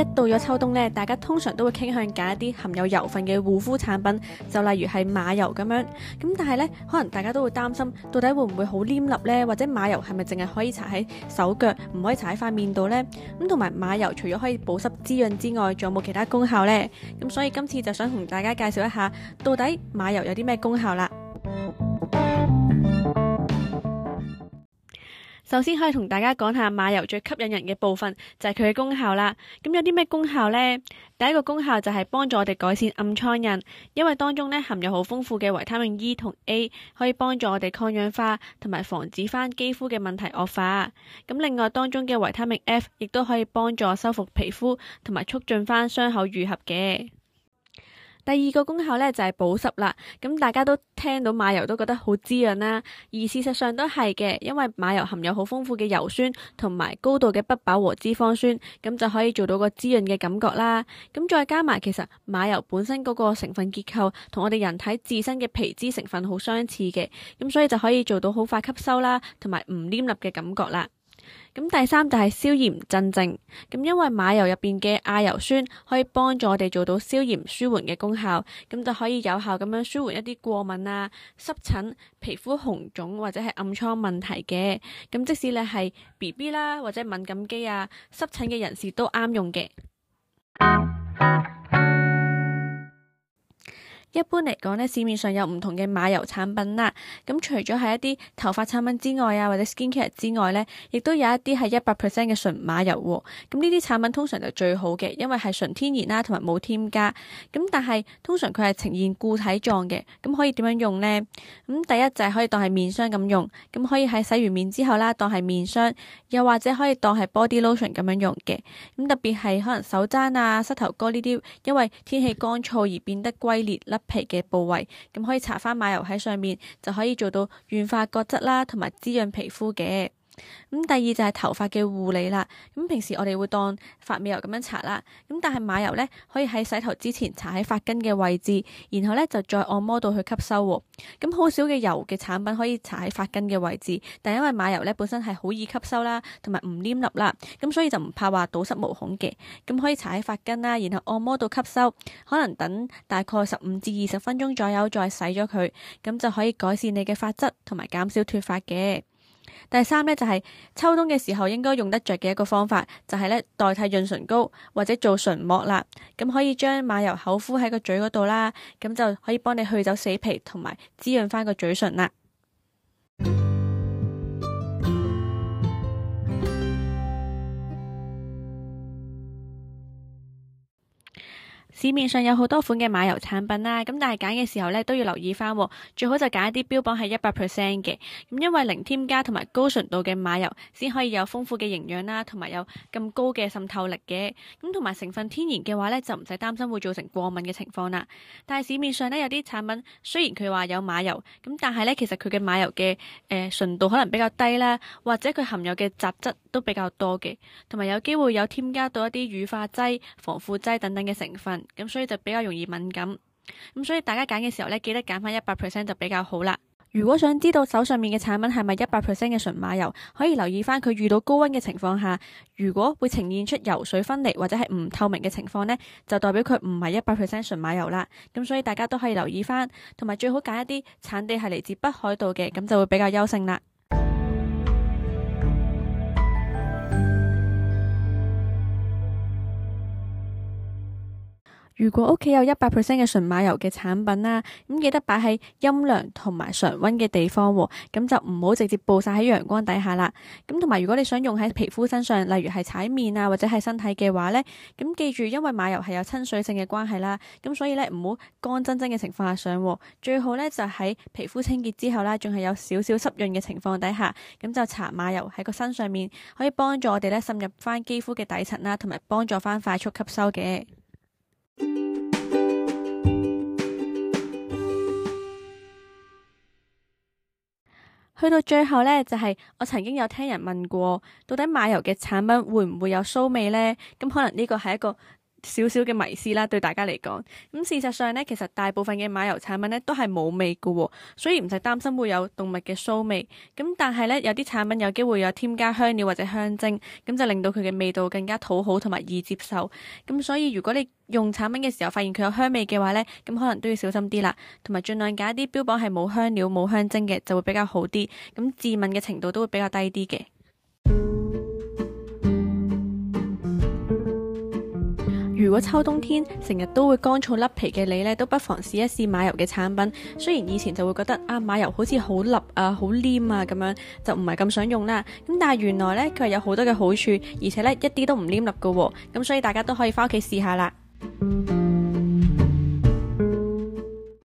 一到咗秋冬呢，大家通常都會傾向揀一啲含有油分嘅護膚產品，就例如係馬油咁樣。咁但係呢，可能大家都會擔心，到底會唔會好黏笠呢？或者馬油係咪淨係可以搽喺手腳，唔可以搽喺塊面度呢？咁同埋馬油除咗可以保濕滋潤之外，仲有冇其他功效呢？咁所以今次就想同大家介紹一下，到底馬油有啲咩功效啦？首先可以同大家講下馬油最吸引人嘅部分就係佢嘅功效啦。咁有啲咩功效呢？第一個功效就係幫助我哋改善暗瘡印，因為當中咧含有好豐富嘅維他命 E 同 A，可以幫助我哋抗氧化同埋防止翻肌膚嘅問題惡化。咁另外當中嘅維他命 F 亦都可以幫助修復皮膚同埋促進翻傷口癒合嘅。第二個功效呢，就係、是、保濕啦，咁大家都聽到馬油都覺得好滋潤啦，而事實上都係嘅，因為馬油含有好豐富嘅油酸同埋高度嘅不飽和脂肪酸，咁就可以做到個滋潤嘅感覺啦。咁再加埋其實馬油本身嗰個成分結構同我哋人體自身嘅皮脂成分好相似嘅，咁所以就可以做到好快吸收啦，同埋唔黏立嘅感覺啦。咁第三就係消炎鎮靜，咁因為馬油入邊嘅亞油酸可以幫助我哋做到消炎舒緩嘅功效，咁就可以有效咁樣舒緩一啲過敏啊、濕疹、皮膚紅腫或者係暗瘡問題嘅，咁即使你係 BB 啦或者敏感肌啊、濕疹嘅人士都啱用嘅。一般嚟講呢，市面上有唔同嘅馬油產品啦。咁除咗係一啲頭髮產品之外啊，或者 Skincare 之外呢，亦都有一啲係一百 percent 嘅純馬油。咁呢啲產品通常就最好嘅，因為係純天然啦，同埋冇添加。咁但係通常佢係呈現固體狀嘅。咁可以點樣用呢？咁第一就係可以當係面霜咁用。咁可以喺洗完面之後啦，當係面霜。又或者可以當係 body lotion 咁樣用嘅。咁特別係可能手踭啊、膝頭哥呢啲，因為天氣乾燥而變得龜裂啦，皮嘅部位，咁可以搽翻馬油喺上面，就可以做到軟化角質啦，同埋滋潤皮膚嘅。咁第二就係頭髮嘅護理啦。咁平時我哋會當髮尾油咁樣搽啦。咁但係馬油呢，可以喺洗頭之前搽喺髮根嘅位置，然後呢就再按摩到去吸收。咁好少嘅油嘅產品可以搽喺髮根嘅位置，但係因為馬油呢本身係好易吸收啦，同埋唔黏笠啦，咁所以就唔怕話堵塞毛孔嘅。咁可以搽喺髮根啦，然後按摩到吸收，可能等大概十五至二十分鐘左右再洗咗佢，咁就可以改善你嘅髮質同埋減少脫髮嘅。第三呢，就係秋冬嘅時候應該用得着嘅一個方法就係咧，代替潤唇膏或者做唇膜啦，咁可以將馬油口敷喺個嘴嗰度啦，咁就可以幫你去走死皮同埋滋潤翻個嘴唇啦。市面上有好多款嘅馬油產品啦，咁但係揀嘅時候呢，都要留意翻，最好就揀一啲標榜係一百 percent 嘅，咁因為零添加同埋高純度嘅馬油先可以有豐富嘅營養啦，同埋有咁高嘅滲透力嘅，咁同埋成分天然嘅話呢，就唔使擔心會造成過敏嘅情況啦。但係市面上呢，有啲產品雖然佢話有馬油，咁但係呢，其實佢嘅馬油嘅誒、呃、純度可能比較低啦，或者佢含有嘅雜質都比較多嘅，同埋有機會有添加到一啲乳化劑、防腐劑等等嘅成分。咁所以就比較容易敏感，咁所以大家揀嘅時候呢，記得揀翻一百 percent 就比較好啦。如果想知道手上面嘅產品係咪一百 percent 嘅純馬油，可以留意翻佢遇到高溫嘅情況下，如果會呈現出油水分離或者係唔透明嘅情況呢，就代表佢唔係一百 percent 純馬油啦。咁所以大家都可以留意翻，同埋最好揀一啲產地係嚟自北海道嘅，咁就會比較優勝啦。如果屋企有一百 percent 嘅純馬油嘅產品啦，咁記得擺喺陰涼同埋常温嘅地方，咁就唔好直接曝曬喺陽光底下啦。咁同埋，如果你想用喺皮膚身上，例如係踩面啊或者係身體嘅話呢，咁記住，因為馬油係有親水性嘅關係啦，咁所以呢唔好乾真真嘅情況下上，最好呢就喺皮膚清潔之後啦，仲係有少少濕潤嘅情況底下，咁就搽馬油喺個身上面，可以幫助我哋呢滲入翻肌膚嘅底層啦，同埋幫助翻快速吸收嘅。去到最後呢，就係、是、我曾經有聽人問過，到底馬油嘅產品會唔會有騷味呢？咁可能呢個係一個少少嘅迷思啦，對大家嚟講，咁事實上呢，其實大部分嘅馬油產品呢都係冇味嘅，所以唔使擔心會有動物嘅臊味。咁但係呢，有啲產品有機會有添加香料或者香精，咁就令到佢嘅味道更加討好同埋易接受。咁所以如果你用產品嘅時候發現佢有香味嘅話呢，咁可能都要小心啲啦，同埋儘量揀一啲標榜係冇香料冇香精嘅就會比較好啲，咁致敏嘅程度都會比較低啲嘅。如果秋冬天成日都會乾燥甩皮嘅你咧，都不妨試一試馬油嘅產品。雖然以前就會覺得啊，馬油好似好笠啊、好黏啊咁樣，就唔係咁想用啦。咁但係原來咧，佢係有好多嘅好處，而且咧一啲都唔黏笠㗎、哦。咁所以大家都可以返屋企試下啦。